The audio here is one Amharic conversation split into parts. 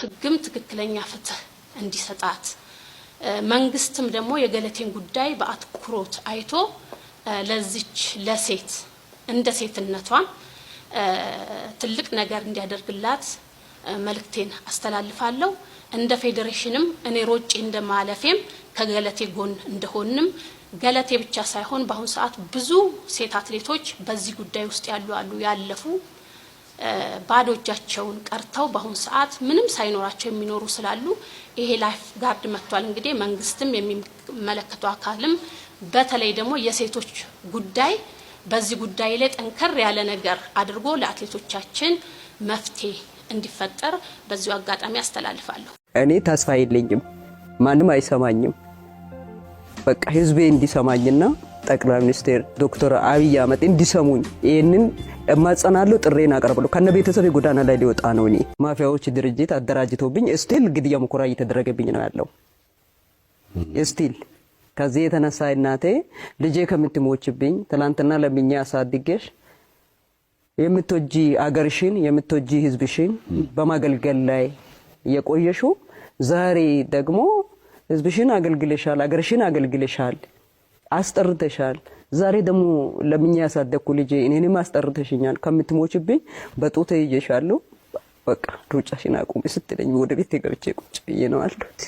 ህግም ትክክለኛ ፍትህ እንዲሰጣት መንግስትም ደግሞ የገለቴን ጉዳይ በአትኩሮት አይቶ ለዚች ለሴት እንደ ሴትነቷን ትልቅ ነገር እንዲያደርግላት መልእክቴን አስተላልፋለሁ። እንደ ፌዴሬሽንም እኔ ሮጬ እንደ ማለፌም ከገለቴ ጎን እንደሆንም ገለቴ ብቻ ሳይሆን በአሁኑ ሰዓት ብዙ ሴት አትሌቶች በዚህ ጉዳይ ውስጥ ያሉ አሉ ያለፉ ባዶቻቸውን ቀርተው በአሁኑ ሰዓት ምንም ሳይኖራቸው የሚኖሩ ስላሉ ይሄ ላይፍ ጋርድ መጥቷል። እንግዲህ መንግስትም የሚመለከተው አካልም በተለይ ደግሞ የሴቶች ጉዳይ በዚህ ጉዳይ ላይ ጠንከር ያለ ነገር አድርጎ ለአትሌቶቻችን መፍትሄ እንዲፈጠር በዚሁ አጋጣሚ አስተላልፋለሁ። እኔ ተስፋ የለኝም፣ ማንም አይሰማኝም። በቃ ህዝቤ እንዲሰማኝና ጠቅላይ ሚኒስትር ዶክተር አብይ አህመድ እንዲሰሙኝ ይህንን እማጸናለሁ፣ ጥሬን አቀርባለሁ። ከነ ቤተሰብ የጎዳና ላይ ሊወጣ ነው። እኔ ማፊያዎች ድርጅት አደራጅቶብኝ ስቲል ግድያ ሙከራ እየተደረገብኝ ነው ያለው ስቲል። ከዚህ የተነሳ እናቴ ልጄ ከምትሞችብኝ ትላንትና ለምኛ አሳድጌሽ የምትወጂ አገርሽን የምትወጂ ህዝብሽን በማገልገል ላይ እየቆየሹ ዛሬ ደግሞ ህዝብሽን አገልግልሻል፣ አገርሽን አገልግልሻል፣ አስጠርተሻል ዛሬ ደግሞ ለምኛ ያሳደግኩ ልጄ እኔንም አስጠርተሽኛል ከምትሞችብኝ በጡቴ ይዤሻለሁ በቃ ሩጫሽን አቁሚ ስትለኝ ወደ ቤት ገብቼ ቁጭ ብዬ ነው አሉት።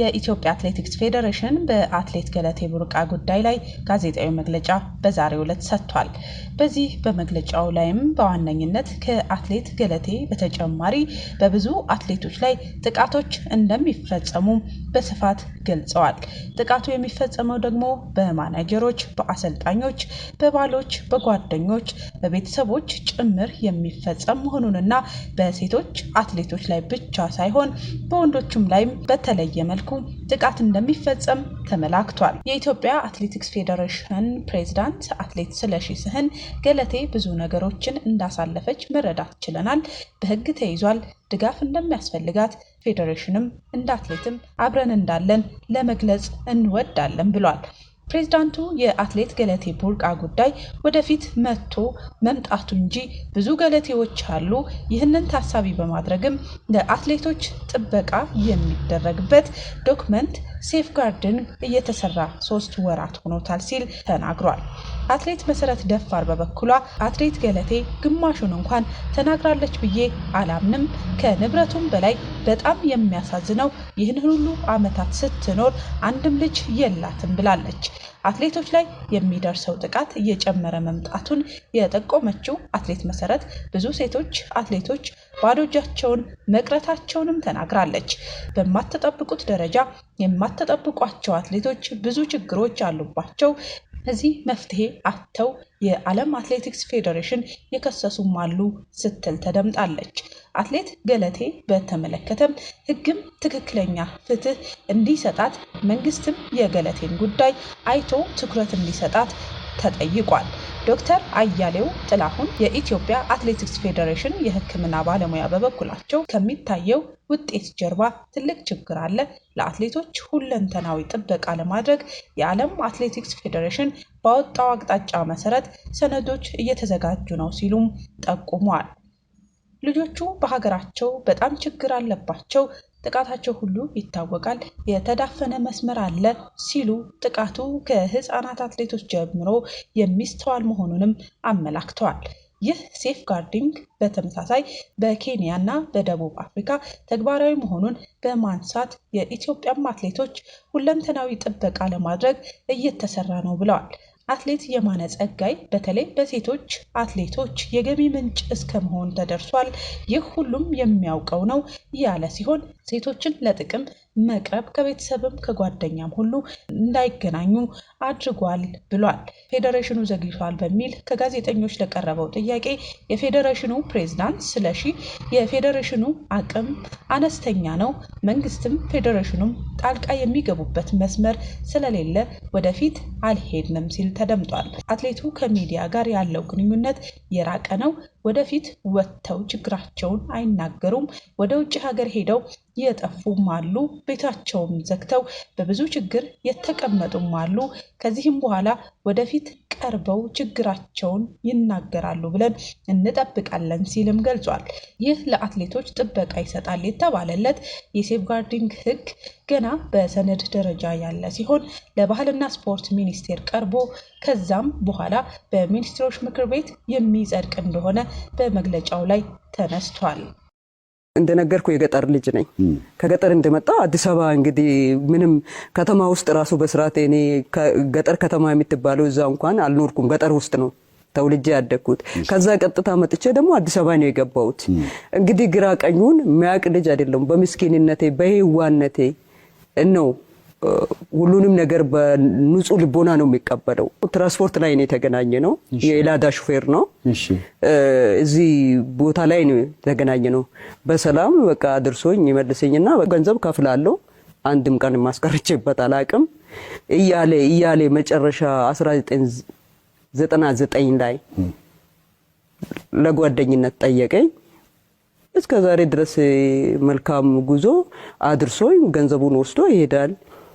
የኢትዮጵያ አትሌቲክስ ፌዴሬሽን በአትሌት ገለቴ ቡርቃ ጉዳይ ላይ ጋዜጣዊ መግለጫ በዛሬው ዕለት ሰጥቷል። በዚህ በመግለጫው ላይም በዋነኝነት ከአትሌት ገለቴ በተጨማሪ በብዙ አትሌቶች ላይ ጥቃቶች እንደሚፈጸሙ በስፋት ገልጸዋል። ጥቃቱ የሚፈጸመው ደግሞ በማናጀሮች፣ በአሰልጣኞች፣ በባሎች፣ በጓደኞች፣ በቤተሰቦች ጭምር የሚፈጸም መሆኑንና በሴቶች አትሌቶች ላይ ብቻ ሳይሆን በወንዶችም ላይም በተለየ መልኩ መልኩ ጥቃት እንደሚፈጸም ተመላክቷል። የኢትዮጵያ አትሌቲክስ ፌዴሬሽን ፕሬዝዳንት አትሌት ስለሺ ስህን ገለቴ ብዙ ነገሮችን እንዳሳለፈች መረዳት ችለናል። በህግ ተይዟል። ድጋፍ እንደሚያስፈልጋት ፌዴሬሽንም እንደ አትሌትም አብረን እንዳለን ለመግለጽ እንወዳለን ብሏል። ፕሬዝዳንቱ የአትሌት ገለቴ ቡርቃ ጉዳይ ወደፊት መጥቶ መምጣቱ እንጂ ብዙ ገለቴዎች አሉ። ይህንን ታሳቢ በማድረግም ለአትሌቶች ጥበቃ የሚደረግበት ዶክመንት ሴፍጋርድን እየተሰራ ሶስት ወራት ሆኖታል ሲል ተናግሯል። አትሌት መሰረት ደፋር በበኩሏ አትሌት ገለቴ ግማሹን እንኳን ተናግራለች ብዬ አላምንም። ከንብረቱም በላይ በጣም የሚያሳዝነው ይህን ሁሉ ዓመታት ስትኖር አንድም ልጅ የላትም ብላለች። አትሌቶች ላይ የሚደርሰው ጥቃት እየጨመረ መምጣቱን የጠቆመችው አትሌት መሰረት ብዙ ሴቶች አትሌቶች ባዶ እጃቸውን መቅረታቸውንም ተናግራለች። በማትጠብቁት ደረጃ የማትጠብቋቸው አትሌቶች ብዙ ችግሮች አሉባቸው። እዚህ መፍትሄ አጥተው የዓለም አትሌቲክስ ፌዴሬሽን የከሰሱም አሉ ስትል ተደምጣለች። አትሌት ገለቴ በተመለከተም ሕግም ትክክለኛ ፍትህ እንዲሰጣት መንግስትም የገለቴን ጉዳይ አይቶ ትኩረት እንዲሰጣት ተጠይቋል። ዶክተር አያሌው ጥላሁን የኢትዮጵያ አትሌቲክስ ፌዴሬሽን የሕክምና ባለሙያ በበኩላቸው ከሚታየው ውጤት ጀርባ ትልቅ ችግር አለ። ለአትሌቶች ሁለንተናዊ ጥበቃ ለማድረግ የዓለም አትሌቲክስ ፌዴሬሽን ባወጣው አቅጣጫ መሰረት ሰነዶች እየተዘጋጁ ነው ሲሉም ጠቁመዋል። ልጆቹ በሀገራቸው በጣም ችግር አለባቸው። ጥቃታቸው ሁሉ ይታወቃል፣ የተዳፈነ መስመር አለ ሲሉ ጥቃቱ ከህፃናት አትሌቶች ጀምሮ የሚስተዋል መሆኑንም አመላክተዋል። ይህ ሴፍ ጋርዲንግ በተመሳሳይ በኬንያ እና በደቡብ አፍሪካ ተግባራዊ መሆኑን በማንሳት የኢትዮጵያም አትሌቶች ሁለንተናዊ ጥበቃ ለማድረግ እየተሰራ ነው ብለዋል። አትሌት የማነ ጸጋይ በተለይ በሴቶች አትሌቶች የገቢ ምንጭ እስከ መሆን ተደርሷል። ይህ ሁሉም የሚያውቀው ነው ያለ ሲሆን ሴቶችን ለጥቅም መቅረብ ከቤተሰብም ከጓደኛም ሁሉ እንዳይገናኙ አድርጓል ብሏል። ፌዴሬሽኑ ዘግይቷል በሚል ከጋዜጠኞች ለቀረበው ጥያቄ የፌዴሬሽኑ ፕሬዝዳንት ስለሺ የፌዴሬሽኑ አቅም አነስተኛ ነው፣ መንግስትም ፌዴሬሽኑም ጣልቃ የሚገቡበት መስመር ስለሌለ ወደፊት አልሄድንም ሲል ተደምጧል። አትሌቱ ከሚዲያ ጋር ያለው ግንኙነት የራቀ ነው። ወደፊት ወጥተው ችግራቸውን አይናገሩም። ወደ ውጭ ሀገር ሄደው የጠፉም አሉ። ቤታቸውም ዘግተው በብዙ ችግር የተቀመጡም አሉ። ከዚህም በኋላ ወደፊት ቀርበው ችግራቸውን ይናገራሉ ብለን እንጠብቃለን ሲልም ገልጿል። ይህ ለአትሌቶች ጥበቃ ይሰጣል የተባለለት የሴፍጋርዲንግ ሕግ ገና በሰነድ ደረጃ ያለ ሲሆን ለባህልና ስፖርት ሚኒስቴር ቀርቦ ከዛም በኋላ በሚኒስትሮች ምክር ቤት የሚጸድቅ እንደሆነ በመግለጫው ላይ ተነስቷል። እንደነገርኩ የገጠር ልጅ ነኝ። ከገጠር እንደመጣ አዲስ አበባ እንግዲህ ምንም ከተማ ውስጥ ራሱ በስርዓት እኔ ገጠር ከተማ የምትባለው እዛ እንኳን አልኖርኩም። ገጠር ውስጥ ነው ተውልጄ ያደግኩት። ከዛ ቀጥታ መጥቼ ደግሞ አዲስ አበባ ነው የገባሁት። እንግዲህ ግራ ቀኙን የሚያውቅ ልጅ አይደለም። በምስኪንነቴ በህዋነቴ ነው ሁሉንም ነገር በንጹህ ልቦና ነው የሚቀበለው። ትራንስፖርት ላይ ነው የተገናኘ ነው። የኢላዳ ሹፌር ነው። እዚህ ቦታ ላይ ነው የተገናኘ ነው። በሰላም በቃ አድርሶኝ ይመልሰኝና ገንዘብ ከፍላለሁ። አንድም ቀን ማስቀርቼበት አላቅም እያለ እያለ መጨረሻ 1999 ላይ ለጓደኝነት ጠየቀኝ። እስከ ዛሬ ድረስ መልካም ጉዞ አድርሶኝ ገንዘቡን ወስዶ ይሄዳል።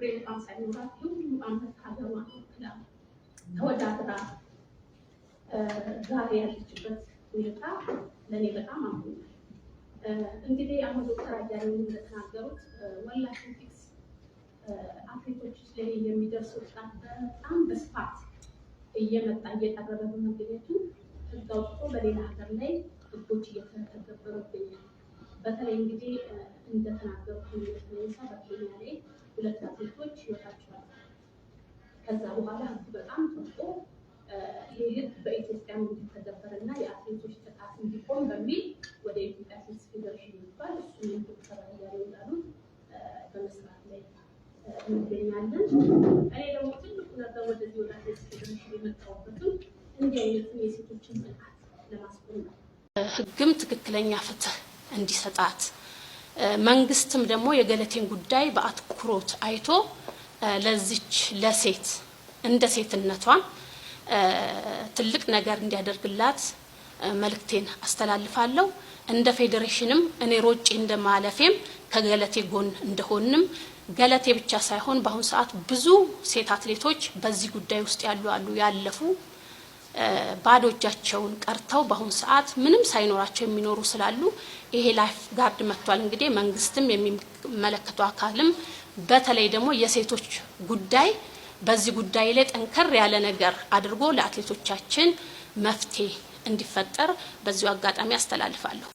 ፍሬ ንቃም ሳይኖራት የሁሉ አመት ሀገሯ ወክላ ተወዳድራ ዛሬ ያለችበት ሁኔታ ለእኔ በጣም አምኛል። እንግዲህ አሁን ዶክተር አያሌው እንደተናገሩት ወላሂ ፊክስ አትሌቶች ላይ የሚደርሱ ጥቃት በጣም በስፋት እየመጣ እየቀረበ በመገኘቱ ሕግ አውጥቶ በሌላ ሀገር ላይ ሕጎች እየተተገበሩ ይገኛል። በተለይ እንግዲህ እንደተናገሩት ሁኔታ በኬንያ ላይ ሁለት አትሌቶች ህይወታቸው ከዛ በኋላ ህዝቡ በጣም ተቆ ይህ ህግ በኢትዮጵያ እንዲተገበርና የአትሌቶች ጥቃት እንዲቆም በሚል ወደ ኢትዮጵያ አትሌቲክስ ፌዴሬሽን ይባል እሱም ስብሰባ እያሉ እንዳሉ በመስራት ላይ እንገኛለን። እኔ ደግሞ ትልቁ ነገር ወደዚህ ወደ አትሌቲክስ ፌዴሬሽን የመጣሁበትም እንዲህ አይነቱን የሴቶችን ጥቃት ለማስቆም ነው። ህግም ትክክለኛ ፍትህ እንዲሰጣት መንግስትም ደግሞ የገለቴን ጉዳይ በአትኩሮት አይቶ ለዚች ለሴት እንደ ሴትነቷን ትልቅ ነገር እንዲያደርግላት መልእክቴን አስተላልፋለሁ። እንደ ፌዴሬሽንም እኔ ሮጬ እንደ ማለፌም ከገለቴ ጎን እንደሆንም ገለቴ ብቻ ሳይሆን በአሁኑ ሰዓት ብዙ ሴት አትሌቶች በዚህ ጉዳይ ውስጥ ያሉ አሉ ያለፉ ባዶ እጃቸውን ቀርተው በአሁኑ ሰዓት ምንም ሳይኖራቸው የሚኖሩ ስላሉ ይሄ ላይፍ ጋርድ መጥቷል። እንግዲህ መንግስትም የሚመለከቱ አካልም በተለይ ደግሞ የሴቶች ጉዳይ በዚህ ጉዳይ ላይ ጠንከር ያለ ነገር አድርጎ ለአትሌቶቻችን መፍትሄ እንዲፈጠር በዚሁ አጋጣሚ አስተላልፋለሁ።